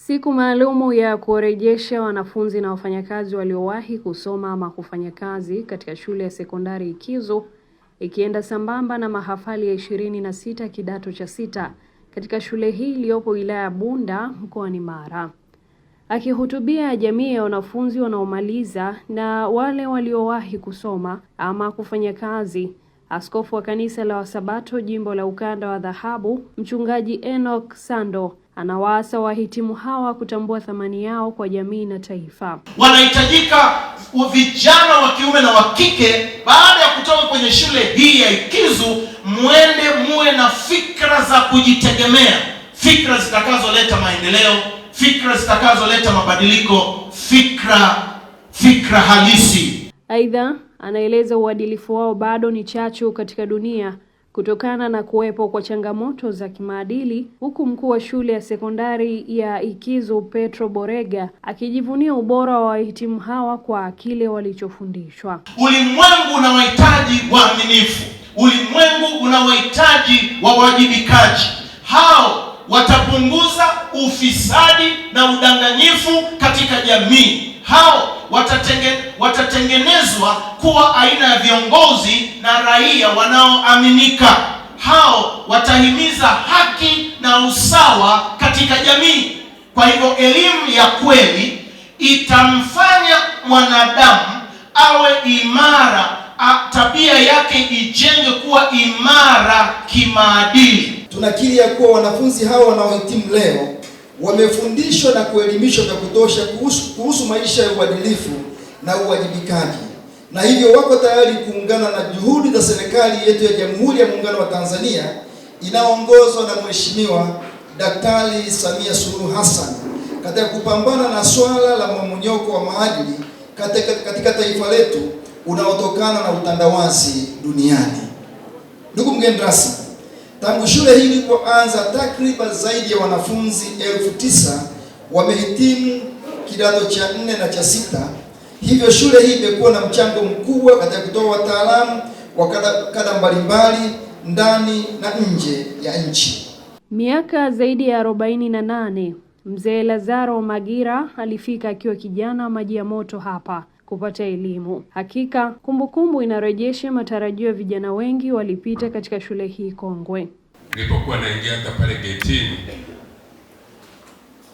Siku maalumu ya kuwarejesha wanafunzi na wafanyakazi waliowahi kusoma ama kufanya kazi katika shule ya sekondari Ikizu ikienda sambamba na mahafali ya ishirini na sita kidato cha sita katika shule hii iliyopo wilaya ya Bunda mkoani Mara. Akihutubia jamii ya wanafunzi wanaomaliza na wale waliowahi kusoma ama kufanya kazi askofu wa kanisa la Wasabato jimbo la ukanda wa dhahabu, mchungaji Enoch Sando anawaasa wahitimu hawa kutambua thamani yao kwa jamii na taifa. Wanahitajika vijana wa kiume na wa kike, baada ya kutoka kwenye shule hii ya Ikizu, mwende muwe na fikra za kujitegemea, fikra zitakazoleta maendeleo, fikra zitakazoleta mabadiliko, fikra fikra halisi. Aidha anaeleza uadilifu wao bado ni chachu katika dunia kutokana na kuwepo kwa changamoto za kimaadili, huku mkuu wa shule ya sekondari ya Ikizu Petro Borega akijivunia ubora wa wahitimu hawa kwa kile walichofundishwa. Ulimwengu unawahitaji waaminifu, ulimwengu unawahitaji wawajibikaji. Hao watapunguza ufisadi na udanganyifu katika jamii. Hao watatengenezwa kuwa aina ya viongozi na raia wanaoaminika. Hao watahimiza haki na usawa katika jamii. Kwa hivyo, elimu ya kweli itamfanya mwanadamu awe imara, tabia yake ijenge kuwa imara kimaadili. Tunakiri ya kuwa wanafunzi hao wanaohitimu leo wamefundishwa na kuelimishwa vya kutosha kuhusu, kuhusu maisha ya uadilifu na uwajibikaji, na hivyo wako tayari kuungana na juhudi za serikali yetu ya Jamhuri ya Muungano wa Tanzania inayoongozwa na Mheshimiwa Daktari Samia Suluhu Hassan katika kupambana na swala la mmomonyoko wa maadili katika, katika taifa letu unaotokana na utandawazi duniani. Ndugu mgeni rasmi, tangu shule hii ilipoanza takriban zaidi ya wanafunzi elfu tisa wamehitimu kidato cha nne na cha sita Hivyo shule hii imekuwa na mchango mkubwa katika kutoa wataalamu wa kada mbalimbali ndani na nje ya nchi. Miaka zaidi ya arobaini na nane mzee Lazaro Magira alifika akiwa kijana maji ya moto hapa kupata elimu. Hakika kumbukumbu inarejesha matarajio ya vijana wengi walipita katika shule hii kongwe. Nilipokuwa naingia hata pale getini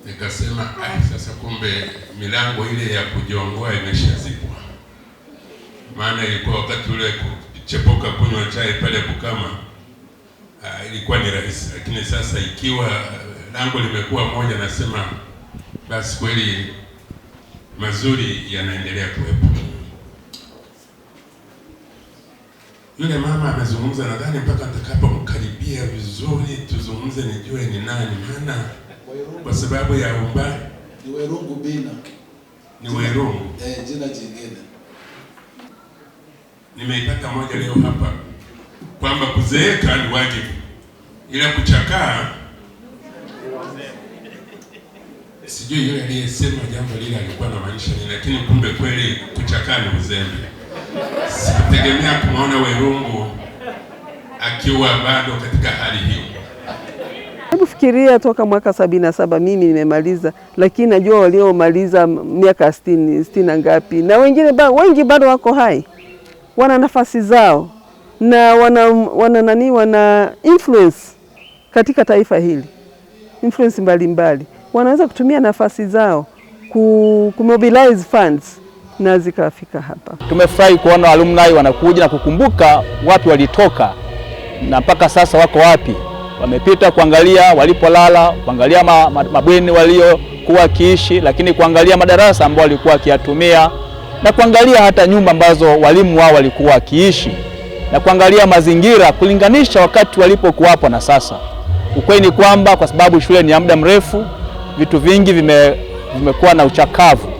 nikasema ai, sasa kumbe milango ile ya kujongoa imeshazibwa, maana ilikuwa wakati ule kuchepoka kunywa chai pale Bukama uh, ilikuwa ni rahisi, lakini sasa ikiwa eh, lango limekuwa moja, nasema basi kweli mazuri yanaendelea kuwepo. Yule mama amezungumza, nadhani mpaka nitakapo mkaribia vizuri tuzungumze, nijue ni nani maana kwa sababu ya umbali. Ni Werungu Bina, ni Werungu eh, jina jingine. Nimeipata moja leo hapa kwamba kuzeeka ni wajibu, ila kuchakaa sijui yule aliyesema jambo lile alikuwa na maisha nini, lakini kumbe kweli kuchakaa ni uzembe. Sikutegemea kumwona Werungu akiwa bado katika hali hiyo. Hebu fikiria toka mwaka sabini na saba mimi nimemaliza, lakini najua waliomaliza miaka sitini sitini na ngapi, na wengine ba, wengi bado wako hai, wana nafasi zao na wana, wana nani, wana influence katika taifa hili, influence mbalimbali mbali. Wanaweza kutumia nafasi zao ku, mobilize funds na zikafika hapa. Tumefurahi kuona alumni wanakuja na kukumbuka wapi walitoka na mpaka sasa wako wapi wamepita kuangalia walipolala, kuangalia mabweni waliokuwa wakiishi, lakini kuangalia madarasa ambayo walikuwa wakiyatumia na kuangalia hata nyumba ambazo walimu wao walikuwa wakiishi na kuangalia mazingira, kulinganisha wakati walipokuwapo na sasa. Ukweli ni kwamba kwa sababu shule ni ya muda mrefu, vitu vingi vimekuwa na uchakavu.